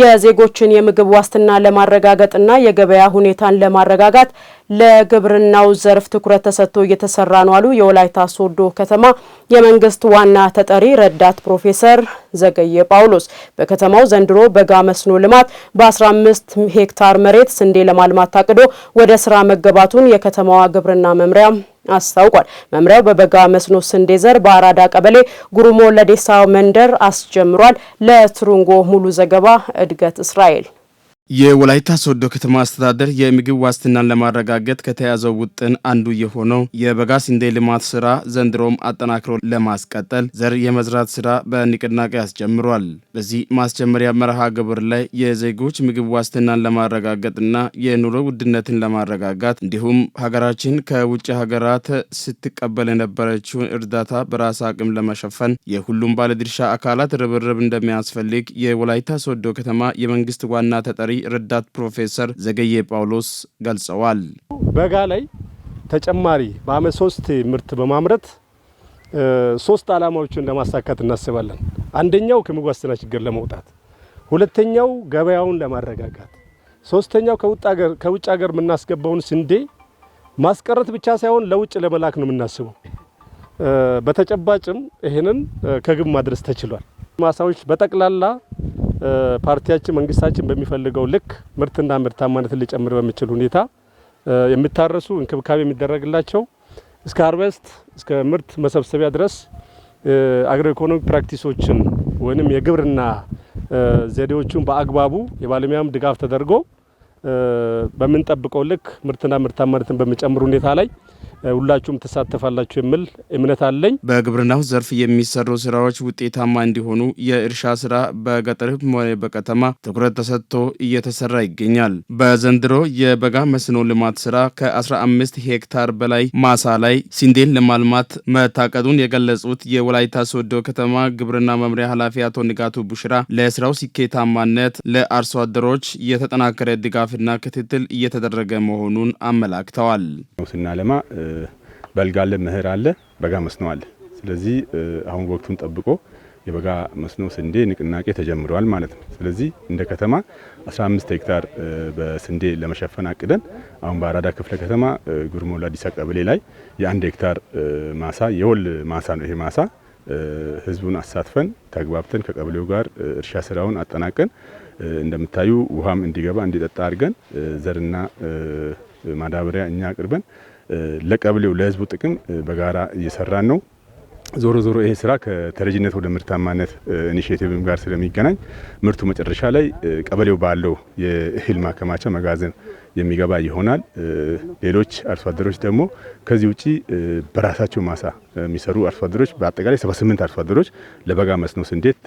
የዜጎችን የምግብ ዋስትና ለማረጋገጥና የገበያ ሁኔታን ለማረጋጋት ለግብርናው ዘርፍ ትኩረት ተሰጥቶ እየተሰራ ነው አሉ የወላይታ ሶዶ ከተማ የመንግስት ዋና ተጠሪ ረዳት ፕሮፌሰር ዘገየ ጳውሎስ። በከተማው ዘንድሮ በጋ መስኖ ልማት በ15 ሄክታር መሬት ስንዴ ለማልማት ታቅዶ ወደ ስራ መገባቱን የከተማዋ ግብርና መምሪያ አስታውቋል። መምሪያው በበጋ መስኖ ስንዴ ዘር በአራዳ ቀበሌ ጉሩሞ ለዴሳ መንደር አስጀምሯል። ለትሩንጎ ሙሉ ዘገባ እድገት እስራኤል የወላይታ ሶዶ ከተማ አስተዳደር የምግብ ዋስትናን ለማረጋገጥ ከተያዘው ውጥን አንዱ የሆነው የበጋ ስንዴ ልማት ስራ ዘንድሮም አጠናክሮ ለማስቀጠል ዘር የመዝራት ስራ በንቅናቄ አስጀምሯል። በዚህ ማስጀመሪያ መርሃ ግብር ላይ የዜጎች ምግብ ዋስትናን ለማረጋገጥና የኑሮ ውድነትን ለማረጋጋት እንዲሁም ሀገራችን ከውጭ ሀገራት ስትቀበል የነበረችውን እርዳታ በራስ አቅም ለመሸፈን የሁሉም ባለድርሻ አካላት ርብርብ እንደሚያስፈልግ የወላይታ ሶዶ ከተማ የመንግስት ዋና ተጠሪ ረዳት ፕሮፌሰር ዘገየ ጳውሎስ ገልጸዋል። በጋ ላይ ተጨማሪ በአመት ሶስት ምርት በማምረት ሶስት አላማዎችን ለማሳካት እናስባለን። አንደኛው ከምግብ ዋስትና ችግር ለመውጣት፣ ሁለተኛው ገበያውን ለማረጋጋት፣ ሶስተኛው ከውጭ ሀገር የምናስገባውን ስንዴ ማስቀረት ብቻ ሳይሆን ለውጭ ለመላክ ነው የምናስበው። በተጨባጭም ይህንን ከግብ ማድረስ ተችሏል። ማሳዎች በጠቅላላ ፓርቲያችን መንግስታችን በሚፈልገው ልክ ምርትና ምርታማነትን ሊጨምር በሚችል ሁኔታ የሚታረሱ እንክብካቤ የሚደረግላቸው እስከ አርቨስት እስከ ምርት መሰብሰቢያ ድረስ አግሮ ኢኮኖሚክ ፕራክቲሶችን ወይም የግብርና ዘዴዎቹን በአግባቡ የባለሙያም ድጋፍ ተደርጎ በምንጠብቀው ልክ ምርትና ምርታማነትን በሚጨምር ሁኔታ ላይ ሁላችሁም ትሳተፋላችሁ የሚል እምነት አለኝ። በግብርናው ዘርፍ የሚሰሩ ስራዎች ውጤታማ እንዲሆኑ የእርሻ ስራ በገጠርም ሆነ በከተማ ትኩረት ተሰጥቶ እየተሰራ ይገኛል። በዘንድሮ የበጋ መስኖ ልማት ስራ ከ15 ሄክታር በላይ ማሳ ላይ ስንዴን ለማልማት መታቀዱን የገለጹት የወላይታ ሶዶ ከተማ ግብርና መምሪያ ኃላፊ አቶ ንጋቱ ቡሽራ ለስራው ስኬታማነት ለአርሶ አደሮች የተጠናከረ ድጋፍና ክትትል እየተደረገ መሆኑን አመላክተዋል። ስናለማ በልግ አለ፣ መኸር አለ፣ በጋ መስኖ አለ። ስለዚህ አሁን ወቅቱን ጠብቆ የበጋ መስኖ ስንዴ ንቅናቄ ተጀምረዋል ማለት ነው። ስለዚህ እንደ ከተማ 15 ሄክታር በስንዴ ለመሸፈን አቅደን አሁን በአራዳ ክፍለ ከተማ ጉርሞ ዲሳ ቀበሌ ላይ የአንድ ሄክታር ማሳ የወል ማሳ ነው ይሄ ማሳ ህዝቡን አሳትፈን ተግባብተን ከቀበሌው ጋር እርሻ ስራውን አጠናቀን እንደምታዩ ውሃም እንዲገባ እንዲጠጣ አድርገን ዘርና ማዳበሪያ እኛ አቅርበን ለቀብሌው ለህዝቡ ጥቅም በጋራ እየሰራን ነው። ዞሮ ዞሮ ይሄ ስራ ከተረጂነት ወደ ምርታማነት ኢኒሽቲቭም ጋር ስለሚገናኝ ምርቱ መጨረሻ ላይ ቀበሌው ባለው የእህል ማከማቻ መጋዘን የሚገባ ይሆናል። ሌሎች አርሶ አደሮች ደግሞ ከዚህ ውጪ በራሳቸው ማሳ የሚሰሩ አርሶ አደሮች በአጠቃላይ 78 አርሶ አደሮች ለበጋ መስኖ ስንዴት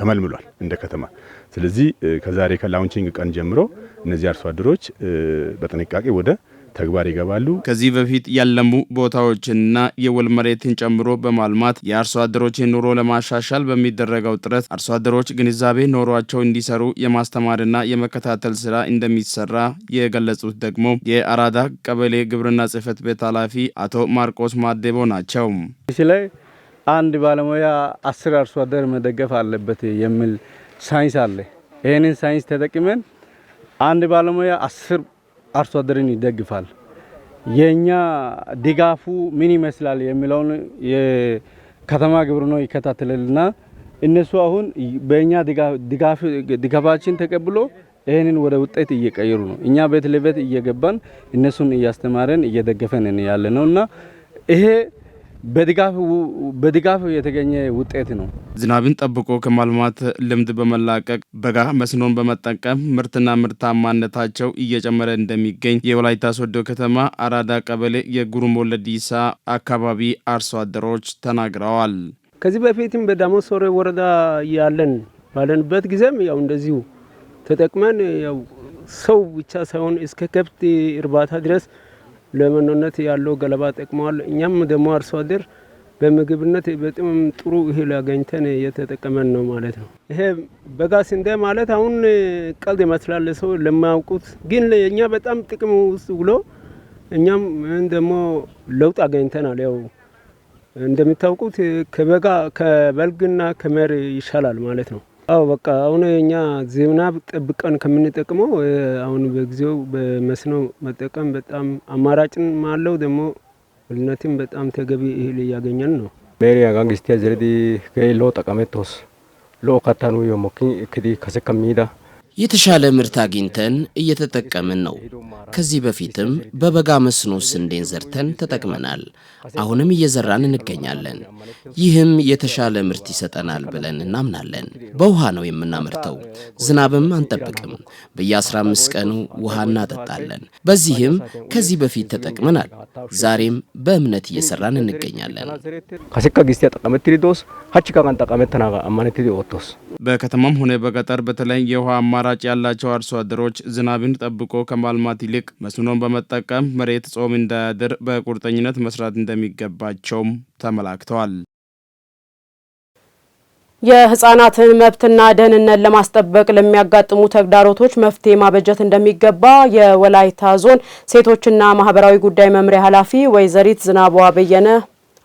ተመልምሏል እንደ ከተማ። ስለዚህ ከዛሬ ከላውንቺንግ ቀን ጀምሮ እነዚህ አርሶ አደሮች በጥንቃቄ ወደ ተግባር ይገባሉ። ከዚህ በፊት ያለሙ ቦታዎችንና የወል መሬትን ጨምሮ በማልማት የአርሶ አደሮችን ኑሮ ለማሻሻል በሚደረገው ጥረት አርሶ አደሮች ግንዛቤ ኖሯቸው እንዲሰሩ የማስተማርና የመከታተል ስራ እንደሚሰራ የገለጹት ደግሞ የአራዳ ቀበሌ ግብርና ጽህፈት ቤት ኃላፊ አቶ ማርቆስ ማዴቦ ናቸው። እዚህ ላይ አንድ ባለሙያ አስር አርሶ አደር መደገፍ አለበት የሚል ሳይንስ አለ። ይህንን ሳይንስ ተጠቅመን አንድ ባለሙያ አስር አርሶ አደርን ይደግፋል። የኛ ድጋፉ ምን ይመስላል የሚለውን የከተማ ግብርና ይከታተልልና እነሱ አሁን በእኛ ድጋፋችን ተቀብሎ ይህንን ወደ ውጤት እየቀየሩ ነው። እኛ ቤት ለቤት እየገባን እነሱን እያስተማረን እየደገፈን ያለ ነው እና ይሄ በድጋፍ የተገኘ ውጤት ነው። ዝናብን ጠብቆ ከማልማት ልምድ በመላቀቅ በጋ መስኖን በመጠቀም ምርትና ምርታማነታቸው እየጨመረ እንደሚገኝ የወላይታ ሶዶ ከተማ አራዳ ቀበሌ የጉሩም ወለዲሳ አካባቢ አርሶ አደሮች ተናግረዋል። ከዚህ በፊትም በዳሞ ወረዳ ያለን ባለንበት ጊዜም ያው እንደዚሁ ተጠቅመን ያው ሰው ብቻ ሳይሆን እስከ ከብት እርባታ ድረስ ለመኖነት ያለው ገለባ ጠቅመዋል። እኛም ደግሞ አርሶ አደር በምግብነት በጣም ጥሩ እህል አገኝተን እየተጠቀመን ነው ማለት ነው። ይሄ በጋ ስንዴ ማለት አሁን ቀልድ ይመስላል ሰው ለማያውቁት፣ ግን እኛ በጣም ጥቅም ውስጥ ውሎ እኛም ደግሞ ለውጥ አገኝተናል። ያው እንደምታውቁት ከበጋ ከበልግና ከመር ይሻላል ማለት ነው። አዎ በቃ አሁን እኛ ዝናብ ጠብቀን ከምንጠቅመው አሁን በጊዜው በመስኖ መጠቀም በጣም አማራጭን አለው። ደግሞ ብልነትም በጣም ተገቢ እህል እያገኘን ነው። ሜሪያ ጋንግስቲያ ዝረዲ ከሎ ጠቀሜቶስ ሎ ከታኑ የሞኪ እክዲ ከሰከሚዳ የተሻለ ምርት አግኝተን እየተጠቀምን ነው። ከዚህ በፊትም በበጋ መስኖ ስንዴን ዘርተን ተጠቅመናል። አሁንም እየዘራን እንገኛለን። ይህም የተሻለ ምርት ይሰጠናል ብለን እናምናለን። በውሃ ነው የምናመርተው። ዝናብም አንጠብቅም። በየ15 ቀኑ ውሃ እናጠጣለን። በዚህም ከዚህ በፊት ተጠቅመናል። ዛሬም በእምነት እየሰራን እንገኛለን። ከሴካ ጊስቲ ጠቀመት ሀቺካ ሀቺ ጠቀመት አማነት ወቶስ በከተማም ሆነ በገጠር በተለይ የውሃ አማራጭ ያላቸው አርሶ አደሮች ዝናብን ጠብቆ ከማልማት ይልቅ መስኖን በመጠቀም መሬት ጾም እንዳያድር በቁርጠኝነት መስራት እንደሚገባቸውም ተመላክተዋል። የህጻናትን መብትና ደህንነት ለማስጠበቅ ለሚያጋጥሙ ተግዳሮቶች መፍትሄ ማበጀት እንደሚገባ የወላይታ ዞን ሴቶችና ማህበራዊ ጉዳይ መምሪያ ኃላፊ ወይዘሪት ዝናቧ በየነ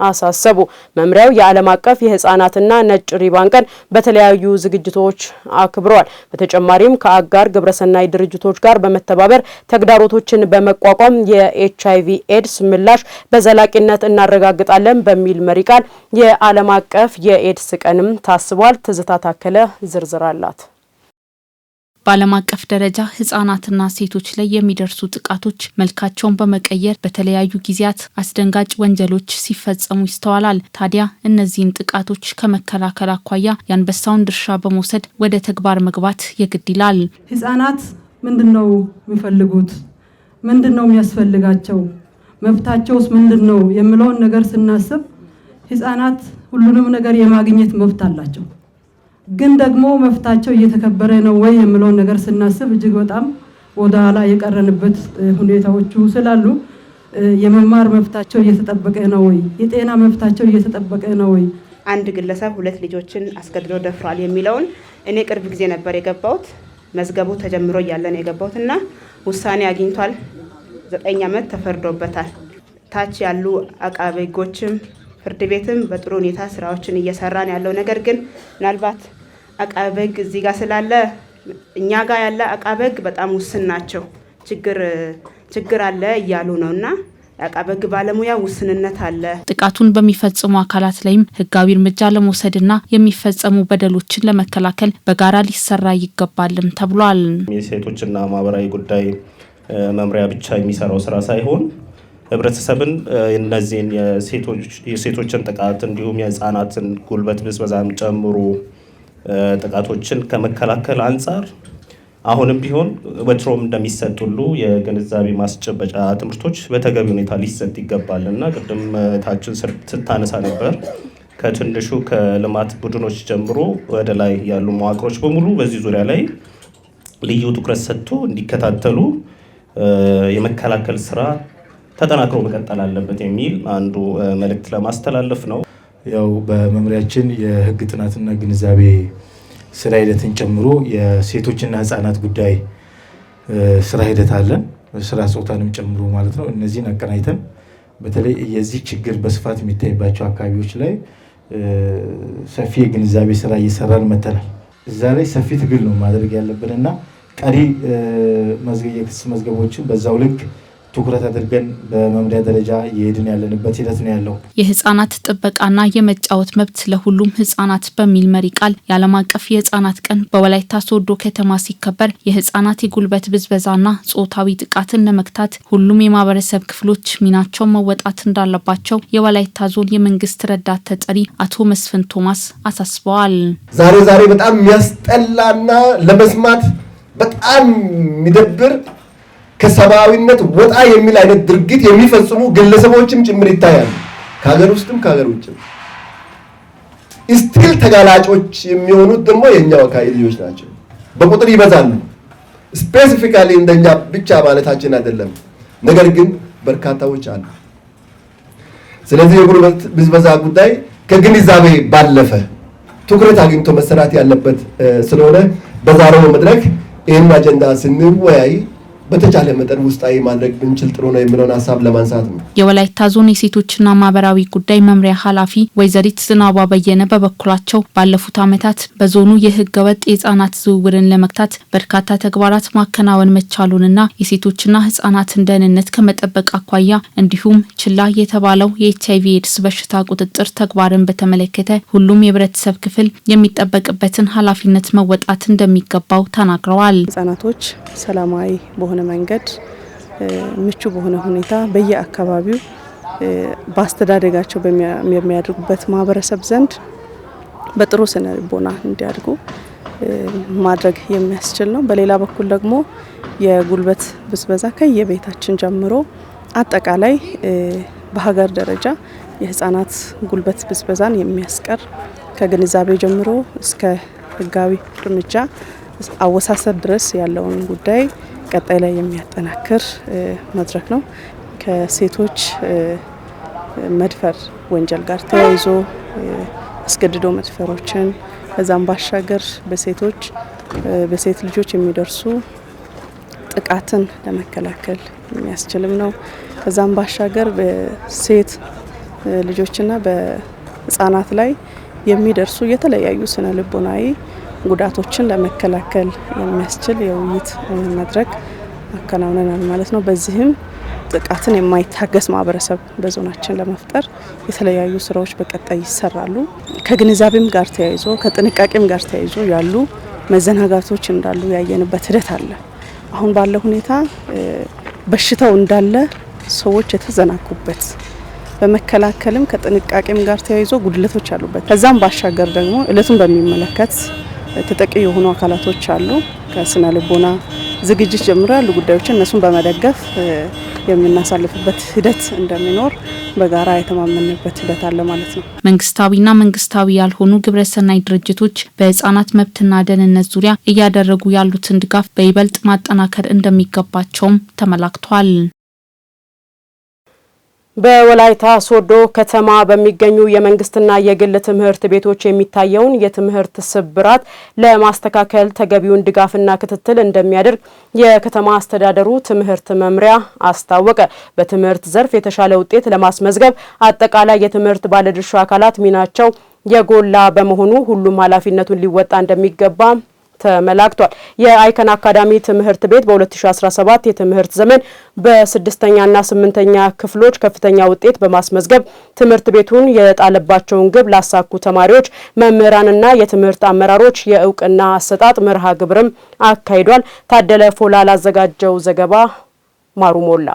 አሳሰቡ። መምሪያው የዓለም አቀፍ የህፃናትና ነጭ ሪባን ቀን በተለያዩ ዝግጅቶች አክብረዋል። በተጨማሪም ከአጋር ግብረሰናይ ድርጅቶች ጋር በመተባበር ተግዳሮቶችን በመቋቋም የኤች አይቪ ኤድስ ምላሽ በዘላቂነት እናረጋግጣለን በሚል መሪ ቃል የዓለም አቀፍ የኤድስ ቀንም ታስቧል። ትዝታ ታከለ ዝርዝር አላት። በዓለም አቀፍ ደረጃ ህጻናትና ሴቶች ላይ የሚደርሱ ጥቃቶች መልካቸውን በመቀየር በተለያዩ ጊዜያት አስደንጋጭ ወንጀሎች ሲፈጸሙ ይስተዋላል። ታዲያ እነዚህን ጥቃቶች ከመከላከል አኳያ የአንበሳውን ድርሻ በመውሰድ ወደ ተግባር መግባት የግድ ይላል። ህጻናት ምንድን ነው የሚፈልጉት? ምንድን ነው የሚያስፈልጋቸው? መብታቸውስ ምንድን ነው? የምለውን ነገር ስናስብ ህጻናት ሁሉንም ነገር የማግኘት መብት አላቸው። ግን ደግሞ መፍታቸው እየተከበረ ነው ወይ የምለውን ነገር ስናስብ እጅግ በጣም ወደኋላ የቀረንበት ሁኔታዎቹ ስላሉ የመማር መብታቸው እየተጠበቀ ነው ወይ? የጤና መብታቸው እየተጠበቀ ነው ወይ? አንድ ግለሰብ ሁለት ልጆችን አስገድዶ ደፍሯል የሚለውን እኔ ቅርብ ጊዜ ነበር የገባሁት። መዝገቡ ተጀምሮ እያለ ነው የገባሁት እና ውሳኔ አግኝቷል። ዘጠኝ ዓመት ተፈርዶበታል። ታች ያሉ አቃቤ ሕጎችም ፍርድ ቤትም በጥሩ ሁኔታ ስራዎችን እየሰራን ያለው ነገር ግን ምናልባት አቃበግ እዚህ ጋር ስላለ እኛ ጋር ያለ አቃበግ በጣም ውስን ናቸው። ችግር ችግር አለ እያሉ ነው እና የአቃበግ ባለሙያ ውስንነት አለ። ጥቃቱን በሚፈጽሙ አካላት ላይም ህጋዊ እርምጃ ለመውሰድና የሚፈጸሙ በደሎችን ለመከላከል በጋራ ሊሰራ ይገባልም ተብሏል። የሴቶችና ማህበራዊ ጉዳይ መምሪያ ብቻ የሚሰራው ስራ ሳይሆን ህብረተሰብን እነዚህን የሴቶችን ጥቃት እንዲሁም የህፃናትን ጉልበት ብዝበዛም ጨምሮ ጥቃቶችን ከመከላከል አንጻር አሁንም ቢሆን ወትሮም እንደሚሰጥ ሁሉ የግንዛቤ ማስጨበጫ ትምህርቶች በተገቢ ሁኔታ ሊሰጥ ይገባል እና ቅድም ታችን ስታነሳ ነበር ከትንሹ ከልማት ቡድኖች ጀምሮ ወደ ላይ ያሉ መዋቅሮች በሙሉ በዚህ ዙሪያ ላይ ልዩ ትኩረት ሰጥቶ እንዲከታተሉ የመከላከል ስራ ተጠናክሮ መቀጠል አለበት የሚል አንዱ መልእክት ለማስተላለፍ ነው። ያው በመምሪያችን የህግ ጥናትና ግንዛቤ ስራ ሂደትን ጨምሮ የሴቶችና ህፃናት ጉዳይ ስራ ሂደት አለን። ስራ ፆታንም ጨምሮ ማለት ነው። እነዚህን አቀናይተን በተለይ የዚህ ችግር በስፋት የሚታይባቸው አካባቢዎች ላይ ሰፊ የግንዛቤ ስራ እየሰራን መተናል። እዛ ላይ ሰፊ ትግል ነው ማድረግ ያለብን እና ቀሪ መዝገቦችን በዛው ልክ ትኩረት አድርገን በመምሪያ ደረጃ እየሄድን ያለንበት ሂደት ነው ያለው። የህጻናት ጥበቃና የመጫወት መብት ለሁሉም ህጻናት በሚል መሪ ቃል የዓለም አቀፍ የህጻናት ቀን በወላይታ ሶዶ ከተማ ሲከበር የህጻናት የጉልበት ብዝበዛና ጾታዊ ጥቃትን ለመግታት ሁሉም የማህበረሰብ ክፍሎች ሚናቸውን መወጣት እንዳለባቸው የወላይታ ዞን የመንግስት ረዳት ተጠሪ አቶ መስፍን ቶማስ አሳስበዋል። ዛሬ ዛሬ በጣም የሚያስጠላና ለመስማት በጣም የሚደብር ከሰብአዊነት ወጣ የሚል አይነት ድርጊት የሚፈጽሙ ግለሰቦችም ጭምር ይታያሉ። ከሀገር ውስጥም ከሀገር ውጭም ስቲል ተጋላጮች የሚሆኑት ደግሞ የእኛ ወካይ ልጆች ናቸው። በቁጥር ይበዛሉ። ስፔሲፊካሊ እንደኛ ብቻ ማለታችን አይደለም፣ ነገር ግን በርካታዎች አሉ። ስለዚህ የጉልበት ብዝበዛ ጉዳይ ከግንዛቤ ባለፈ ትኩረት አግኝቶ መሰራት ያለበት ስለሆነ በዛሬው መድረክ ይህን አጀንዳ ስንወያይ በተቻለ መጠን ውስጣዊ ማድረግ ብንችል ጥሩ ነው የሚለውን ሀሳብ ለማንሳት ነው። የወላይታ ዞን የሴቶችና ማህበራዊ ጉዳይ መምሪያ ኃላፊ ወይዘሪት ዝናቧ በየነ በበኩላቸው ባለፉት ዓመታት በዞኑ የህገ ወጥ የህጻናት ዝውውርን ለመግታት በርካታ ተግባራት ማከናወን መቻሉንና የሴቶችና ህጻናትን ደህንነት ከመጠበቅ አኳያ እንዲሁም ችላ የተባለው የኤችአይቪ አይቪ ኤድስ በሽታ ቁጥጥር ተግባርን በተመለከተ ሁሉም የህብረተሰብ ክፍል የሚጠበቅበትን ኃላፊነት መወጣት እንደሚገባው ተናግረዋል። ህጻናቶች ሰላማዊ በሆነ በሆነ መንገድ ምቹ በሆነ ሁኔታ በየአካባቢው በአስተዳደጋቸው የሚያድርጉበት ማህበረሰብ ዘንድ በጥሩ ስነልቦና እንዲያድጉ ማድረግ የሚያስችል ነው። በሌላ በኩል ደግሞ የጉልበት ብዝበዛ ከየቤታችን ጀምሮ አጠቃላይ በሀገር ደረጃ የህፃናት ጉልበት ብዝበዛን የሚያስቀር ከግንዛቤ ጀምሮ እስከ ህጋዊ እርምጃ አወሳሰር ድረስ ያለውን ጉዳይ ቀጣይ ላይ የሚያጠናክር መድረክ ነው። ከሴቶች መድፈር ወንጀል ጋር ተያይዞ አስገድዶ መድፈሮችን ከዛም ባሻገር በሴቶች በሴት ልጆች የሚደርሱ ጥቃትን ለመከላከል የሚያስችልም ነው። ከዛም ባሻገር በሴት ልጆችና በህጻናት ላይ የሚደርሱ የተለያዩ ስነ ልቦናዊ ጉዳቶችን ለመከላከል የሚያስችል የውይይት መድረክ አከናውነናል ማለት ነው። በዚህም ጥቃትን የማይታገስ ማህበረሰብ በዞናችን ለመፍጠር የተለያዩ ስራዎች በቀጣይ ይሰራሉ። ከግንዛቤም ጋር ተያይዞ ከጥንቃቄም ጋር ተያይዞ ያሉ መዘናጋቶች እንዳሉ ያየንበት ሂደት አለ። አሁን ባለ ሁኔታ በሽታው እንዳለ ሰዎች የተዘናጉበት በመከላከልም ከጥንቃቄም ጋር ተያይዞ ጉድለቶች አሉበት። ከዛም ባሻገር ደግሞ እለቱን በሚመለከት ተጠቂ የሆኑ አካላቶች አሉ። ከስነ ልቦና ዝግጅት ጀምሮ ያሉ ጉዳዮችን እነሱን በመደገፍ የምናሳልፍበት ሂደት እንደሚኖር በጋራ የተማመንበት ሂደት አለ ማለት ነው። መንግስታዊና መንግስታዊ ያልሆኑ ግብረሰናይ ድርጅቶች በህጻናት መብትና ደህንነት ዙሪያ እያደረጉ ያሉትን ድጋፍ በይበልጥ ማጠናከር እንደሚገባቸውም ተመላክቷል። በወላይታ ሶዶ ከተማ በሚገኙ የመንግስትና የግል ትምህርት ቤቶች የሚታየውን የትምህርት ስብራት ለማስተካከል ተገቢውን ድጋፍና ክትትል እንደሚያደርግ የከተማ አስተዳደሩ ትምህርት መምሪያ አስታወቀ። በትምህርት ዘርፍ የተሻለ ውጤት ለማስመዝገብ አጠቃላይ የትምህርት ባለድርሻ አካላት ሚናቸው የጎላ በመሆኑ ሁሉም ኃላፊነቱን ሊወጣ እንደሚገባ ተመላክቷል። የአይከን አካዳሚ ትምህርት ቤት በ2017 የትምህርት ዘመን በስድስተኛና ስምንተኛ ክፍሎች ከፍተኛ ውጤት በማስመዝገብ ትምህርት ቤቱን የጣለባቸውን ግብ ላሳኩ ተማሪዎች፣ መምህራንና የትምህርት አመራሮች የእውቅና አሰጣጥ መርሃ ግብርም አካሂዷል። ታደለ ፎላ ላዘጋጀው ዘገባ ማሩ ሞላ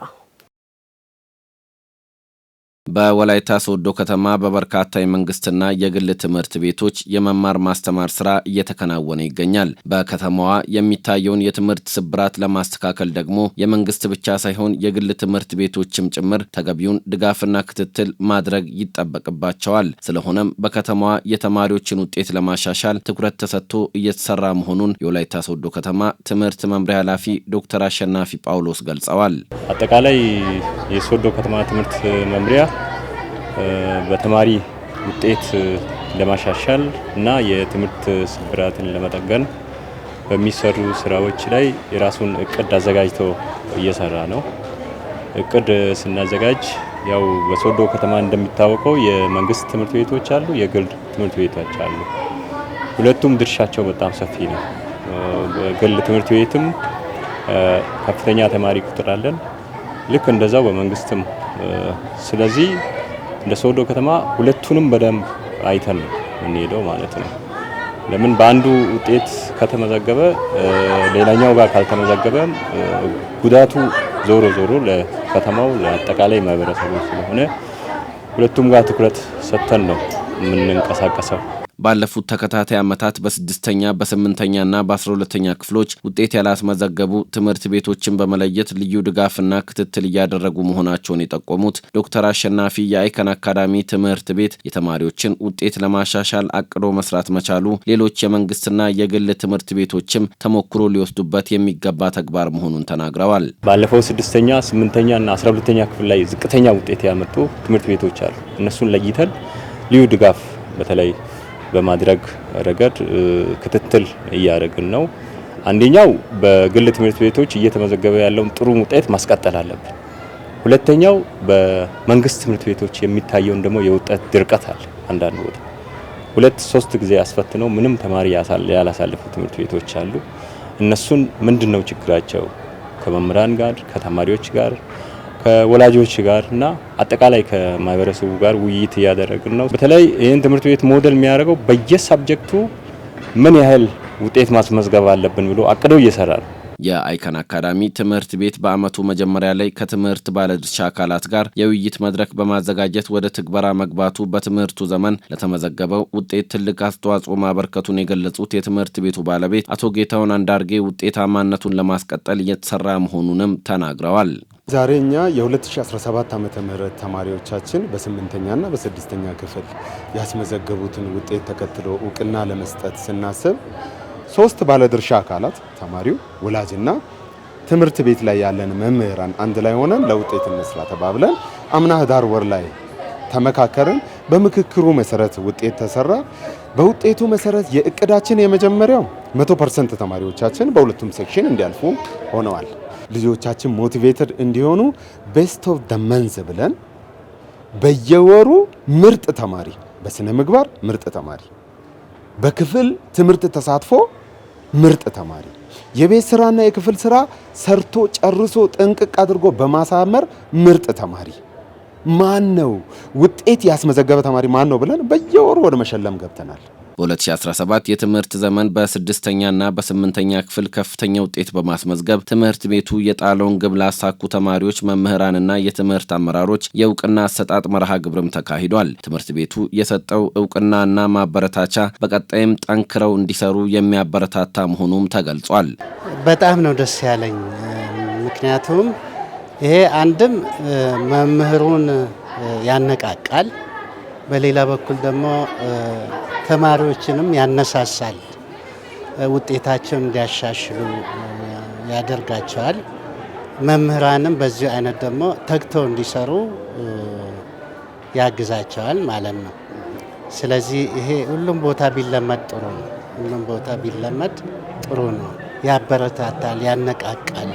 በወላይታ ሶዶ ከተማ በበርካታ የመንግስትና የግል ትምህርት ቤቶች የመማር ማስተማር ስራ እየተከናወነ ይገኛል። በከተማዋ የሚታየውን የትምህርት ስብራት ለማስተካከል ደግሞ የመንግስት ብቻ ሳይሆን የግል ትምህርት ቤቶችም ጭምር ተገቢውን ድጋፍና ክትትል ማድረግ ይጠበቅባቸዋል። ስለሆነም በከተማዋ የተማሪዎችን ውጤት ለማሻሻል ትኩረት ተሰጥቶ እየተሰራ መሆኑን የወላይታ ሶዶ ከተማ ትምህርት መምሪያ ኃላፊ ዶክተር አሸናፊ ጳውሎስ ገልጸዋል። አጠቃላይ የሶዶ ከተማ ትምህርት መምሪያ በተማሪ ውጤት ለማሻሻል እና የትምህርት ስብራትን ለመጠገን በሚሰሩ ስራዎች ላይ የራሱን እቅድ አዘጋጅቶ እየሰራ ነው። እቅድ ስናዘጋጅ ያው በሶዶ ከተማ እንደሚታወቀው የመንግስት ትምህርት ቤቶች አሉ፣ የግል ትምህርት ቤቶች አሉ። ሁለቱም ድርሻቸው በጣም ሰፊ ነው። በግል ትምህርት ቤትም ከፍተኛ ተማሪ ቁጥር አለን። ልክ እንደዛው በመንግስትም። ስለዚህ እንደ ሶዶ ከተማ ሁለቱንም በደንብ አይተን የምንሄደው ማለት ነው። ለምን በአንዱ ውጤት ከተመዘገበ ሌላኛው ጋር ካልተመዘገበ ጉዳቱ ዞሮ ዞሮ ለከተማው ለአጠቃላይ ማህበረሰቡ ስለሆነ ሁለቱም ጋር ትኩረት ሰጥተን ነው የምንንቀሳቀሰው። ባለፉት ተከታታይ ዓመታት በስድስተኛ በስምንተኛና በአስራ ሁለተኛ ክፍሎች ውጤት ያላስመዘገቡ ትምህርት ቤቶችን በመለየት ልዩ ድጋፍና ክትትል እያደረጉ መሆናቸውን የጠቆሙት ዶክተር አሸናፊ የአይከን አካዳሚ ትምህርት ቤት የተማሪዎችን ውጤት ለማሻሻል አቅዶ መስራት መቻሉ ሌሎች የመንግስትና የግል ትምህርት ቤቶችም ተሞክሮ ሊወስዱበት የሚገባ ተግባር መሆኑን ተናግረዋል። ባለፈው ስድስተኛ ስምንተኛና አስራ ሁለተኛ ክፍል ላይ ዝቅተኛ ውጤት ያመጡ ትምህርት ቤቶች አሉ። እነሱን ለይተን ልዩ ድጋፍ በተለይ በማድረግ ረገድ ክትትል እያደረግን ነው። አንደኛው በግል ትምህርት ቤቶች እየተመዘገበ ያለውን ጥሩ ውጤት ማስቀጠል አለብን። ሁለተኛው በመንግስት ትምህርት ቤቶች የሚታየውን ደግሞ የውጤት ድርቀት አለ። አንዳንድ ቦታ ሁለት ሶስት ጊዜ ያስፈትነው ምንም ተማሪ ያላሳለፉ ትምህርት ቤቶች አሉ። እነሱን ምንድን ነው ችግራቸው ከመምህራን ጋር ከተማሪዎች ጋር ከወላጆች ጋር እና አጠቃላይ ከማህበረሰቡ ጋር ውይይት እያደረግን ነው። በተለይ ይህን ትምህርት ቤት ሞዴል የሚያደርገው በየሳብጀክቱ ምን ያህል ውጤት ማስመዝገብ አለብን ብሎ አቅደው እየሰራ ነው። የአይከን አካዳሚ ትምህርት ቤት በዓመቱ መጀመሪያ ላይ ከትምህርት ባለድርሻ አካላት ጋር የውይይት መድረክ በማዘጋጀት ወደ ትግበራ መግባቱ በትምህርቱ ዘመን ለተመዘገበው ውጤት ትልቅ አስተዋጽኦ ማበርከቱን የገለጹት የትምህርት ቤቱ ባለቤት አቶ ጌታውን አንዳርጌ ውጤታማነቱን ለማስቀጠል እየተሰራ መሆኑንም ተናግረዋል። ዛሬ እኛ የ2017 ዓ ም ተማሪዎቻችን በስምንተኛና በስድስተኛ ክፍል ያስመዘገቡትን ውጤት ተከትሎ እውቅና ለመስጠት ስናስብ ሶስት ባለድርሻ አካላት ተማሪው፣ ወላጅና ትምህርት ቤት ላይ ያለን መምህራን አንድ ላይ ሆነን ለውጤት እንስራ ተባብለን አምና ህዳር ወር ላይ ተመካከርን። በምክክሩ መሰረት ውጤት ተሰራ። በውጤቱ መሰረት የእቅዳችን የመጀመሪያው 100% ተማሪዎቻችን በሁለቱም ሴክሽን እንዲያልፉ ሆነዋል። ልጆቻችን ሞቲቬትድ እንዲሆኑ ቤስት ኦፍ ዘ መንዝ ብለን በየወሩ ምርጥ ተማሪ፣ በስነ ምግባር ምርጥ ተማሪ፣ በክፍል ትምህርት ተሳትፎ ምርጥ ተማሪ የቤት ስራና የክፍል ስራ ሰርቶ ጨርሶ ጥንቅቅ አድርጎ በማሳመር ምርጥ ተማሪ ማን ነው? ውጤት ያስመዘገበ ተማሪ ማን ነው ብለን በየወሩ ወደ መሸለም ገብተናል። በ2017 የትምህርት ዘመን በስድስተኛና በስምንተኛ ክፍል ከፍተኛ ውጤት በማስመዝገብ ትምህርት ቤቱ የጣለውን ግብ ላሳኩ ተማሪዎች መምህራንና የትምህርት አመራሮች የእውቅና አሰጣጥ መርሃ ግብርም ተካሂዷል። ትምህርት ቤቱ የሰጠው እውቅናና ማበረታቻ በቀጣይም ጠንክረው እንዲሰሩ የሚያበረታታ መሆኑም ተገልጿል። በጣም ነው ደስ ያለኝ። ምክንያቱም ይሄ አንድም መምህሩን ያነቃቃል፣ በሌላ በኩል ደግሞ ተማሪዎችንም ያነሳሳል፣ ውጤታቸውን እንዲያሻሽሉ ያደርጋቸዋል። መምህራንም በዚሁ አይነት ደግሞ ተግተው እንዲሰሩ ያግዛቸዋል ማለት ነው። ስለዚህ ይሄ ሁሉም ቦታ ቢለመድ ጥሩ ነው። ሁሉም ቦታ ቢለመድ ጥሩ ነው። ያበረታታል፣ ያነቃቃል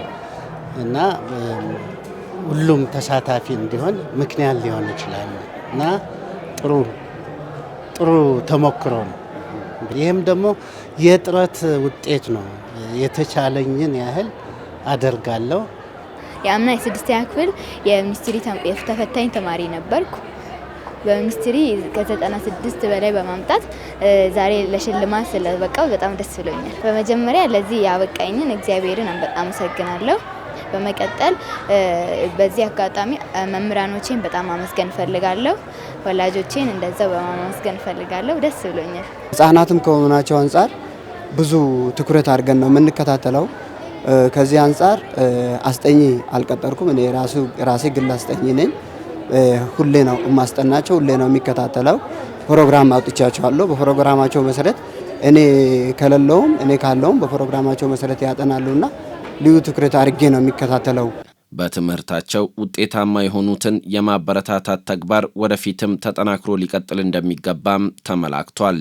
እና ሁሉም ተሳታፊ እንዲሆን ምክንያት ሊሆን ይችላል እና ጥሩ ጥሩ ተሞክሮ ነው። ይህም ደግሞ የጥረት ውጤት ነው። የተቻለኝን ያህል አደርጋለሁ። የአምና የስድስተኛ ክፍል የሚኒስትሪ ተፈታኝ ተማሪ ነበርኩ። በሚኒስትሪ ከዘጠና ስድስት በላይ በማምጣት ዛሬ ለሽልማት ስለበቃው በጣም ደስ ብሎኛል። በመጀመሪያ ለዚህ ያበቃኝን እግዚአብሔርን በጣም አመሰግናለሁ። በመቀጠል በዚህ አጋጣሚ መምህራኖቼን በጣም አመስገን እፈልጋለሁ። ወላጆቼን እንደዛው በማመስገን እፈልጋለሁ። ደስ ብሎኛል። ህጻናትም ከሆናቸው አንጻር ብዙ ትኩረት አድርገን ነው የምንከታተለው። ከዚህ አንጻር አስጠኝ አልቀጠርኩም። እኔ ራሴ ግል አስጠኝ ነኝ። ሁሌ ነው የማስጠናቸው፣ ሁሌ ነው የሚከታተለው። ፕሮግራም አውጥቻቸዋለሁ። በፕሮግራማቸው መሰረት እኔ ከሌለውም እኔ ካለውም በፕሮግራማቸው መሰረት ያጠናሉና ልዩ ትኩረት አድርጌ ነው የሚከታተለው። በትምህርታቸው ውጤታማ የሆኑትን የማበረታታት ተግባር ወደፊትም ተጠናክሮ ሊቀጥል እንደሚገባም ተመላክቷል።